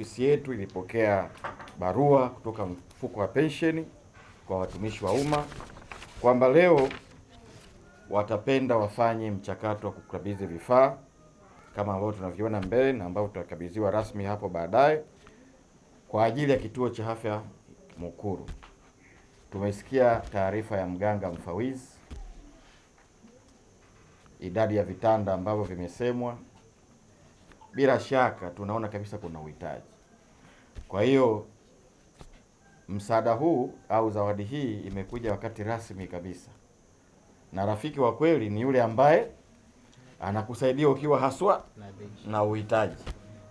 Ofisi yetu ilipokea barua kutoka mfuko wa pensheni kwa watumishi wa umma kwamba leo watapenda wafanye mchakato wa kukabidhi vifaa kama ambavyo tunaviona mbele na ambavyo tutakabidhiwa rasmi hapo baadaye kwa ajili ya kituo cha afya Mukuru. Tumesikia taarifa ya mganga mfawizi idadi ya vitanda ambavyo vimesemwa bila shaka tunaona kabisa kuna uhitaji. Kwa hiyo msaada huu au zawadi hii imekuja wakati rasmi kabisa, na rafiki wa kweli ni yule ambaye anakusaidia ukiwa haswa na uhitaji.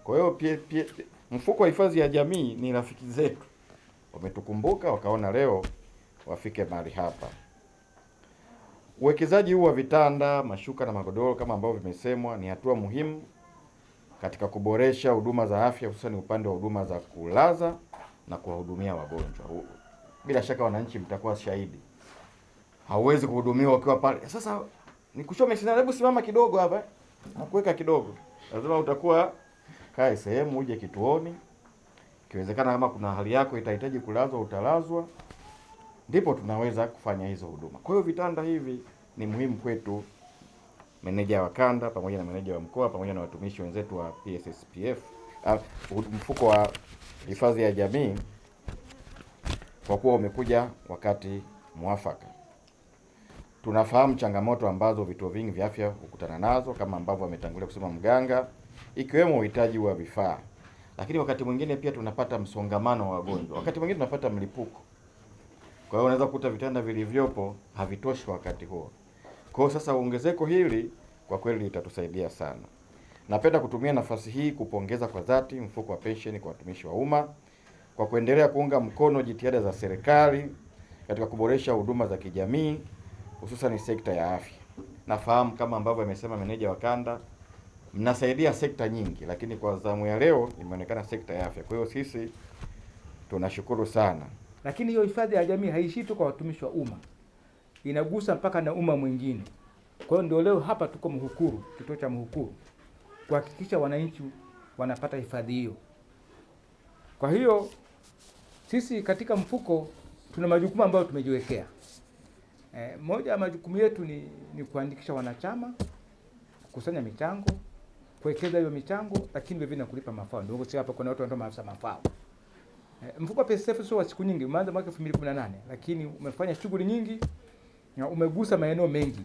Kwa hiyo mfuko wa hifadhi ya jamii ni rafiki zetu, wametukumbuka wakaona leo wafike mahali hapa. Uwekezaji huu wa vitanda, mashuka na magodoro kama ambavyo vimesemwa, ni hatua muhimu katika kuboresha huduma za afya hususan upande wa huduma za kulaza na kuwahudumia wagonjwa. Bila shaka wananchi mtakuwa shahidi, hauwezi kuhudumiwa ukiwa pale. Sasa nikushome sina, hebu simama kidogo hapa na kuweka kidogo, lazima utakuwa kae sehemu, uje kituoni, ikiwezekana kama kuna hali yako itahitaji kulazwa, utalazwa, ndipo tunaweza kufanya hizo huduma. Kwa hiyo vitanda hivi ni muhimu kwetu meneja wa kanda pamoja na meneja wa mkoa pamoja na watumishi wenzetu wa PSSPF uh, ah, mfuko wa hifadhi ya jamii kwa kuwa umekuja wakati mwafaka. Tunafahamu changamoto ambazo vituo vingi vya afya hukutana nazo kama ambavyo ametangulia kusema mganga, ikiwemo uhitaji wa vifaa, lakini wakati mwingine pia tunapata msongamano wa wagonjwa, wakati mwingine tunapata mlipuko. Kwa hiyo unaweza kukuta vitanda vilivyopo havitoshi wakati huo. Kwa hiyo sasa ongezeko hili kwa kweli litatusaidia sana. Napenda kutumia nafasi hii kupongeza kwa dhati mfuko wa pensheni kwa watumishi wa umma kwa kuendelea kuunga mkono jitihada za serikali katika kuboresha huduma za kijamii hususan sekta ya afya. Nafahamu kama ambavyo amesema meneja wa kanda, mnasaidia sekta nyingi, lakini kwa zamu ya leo imeonekana sekta ya afya. Kwa hiyo sisi tunashukuru sana, lakini hiyo hifadhi ya jamii haishii tu kwa watumishi wa umma inagusa mpaka na umma mwingine. Kwa hiyo ndio leo hapa tuko Mhukuru, kituo cha Mhukuru kuhakikisha wananchi wanapata hifadhi hiyo. Kwa hiyo sisi katika mfuko tuna majukumu ambayo tumejiwekea. E, moja ya majukumu yetu ni, ni kuandikisha wanachama, kukusanya michango, kuwekeza hiyo michango, lakini vivyo na kulipa mafao. Ndio hapa kuna watu wanatoa maafisa mafao. E, mfuko wa PSSSF sio wa siku nyingi, umeanza mwaka 2018 lakini umefanya shughuli nyingi na umegusa maeneo mengi,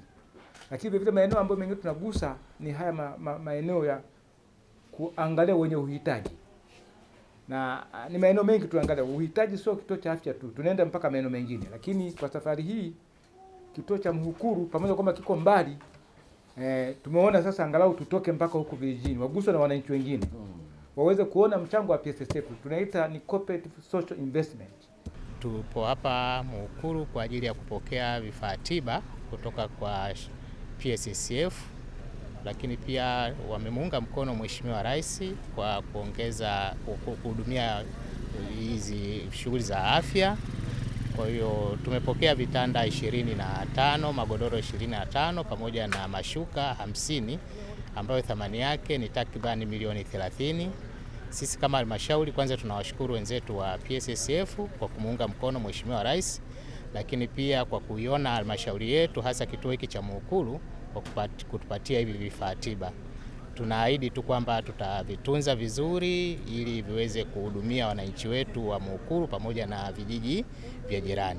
lakini vile maeneo ambayo mengi tunagusa ni haya ma, ma, maeneo ya kuangalia wenye uhitaji, na ah, ni maeneo mengi tuangalia. Uhitaji sio kituo cha afya tu, tunaenda mpaka maeneo mengine, lakini kwa safari hii kituo cha Mhukuru pamoja kwamba kiko mbali eh, tumeona sasa angalau tutoke mpaka huku vijijini, waguswe na wananchi wengine mm. waweze kuona mchango wa PSSF. Tunaita ni corporate social investment tupo hapa Mukuru kwa ajili ya kupokea vifaa tiba kutoka kwa PSSF, lakini pia wamemuunga mkono Mheshimiwa Rais kwa kuongeza kuhudumia hizi shughuli za afya. Kwa hiyo tumepokea vitanda 25, magodoro 25 pamoja na mashuka 50 ambayo thamani yake ni takribani milioni 30. Sisi kama halmashauri kwanza tunawashukuru wenzetu wa PSSF kwa kumuunga mkono Mheshimiwa Rais, lakini pia kwa kuiona halmashauri yetu hasa kituo hiki cha muukuru kwa kutupatia hivi vifaa tiba. Tunaahidi tu kwamba tutavitunza vizuri ili viweze kuhudumia wananchi wetu wa muukuru pamoja na vijiji vya jirani.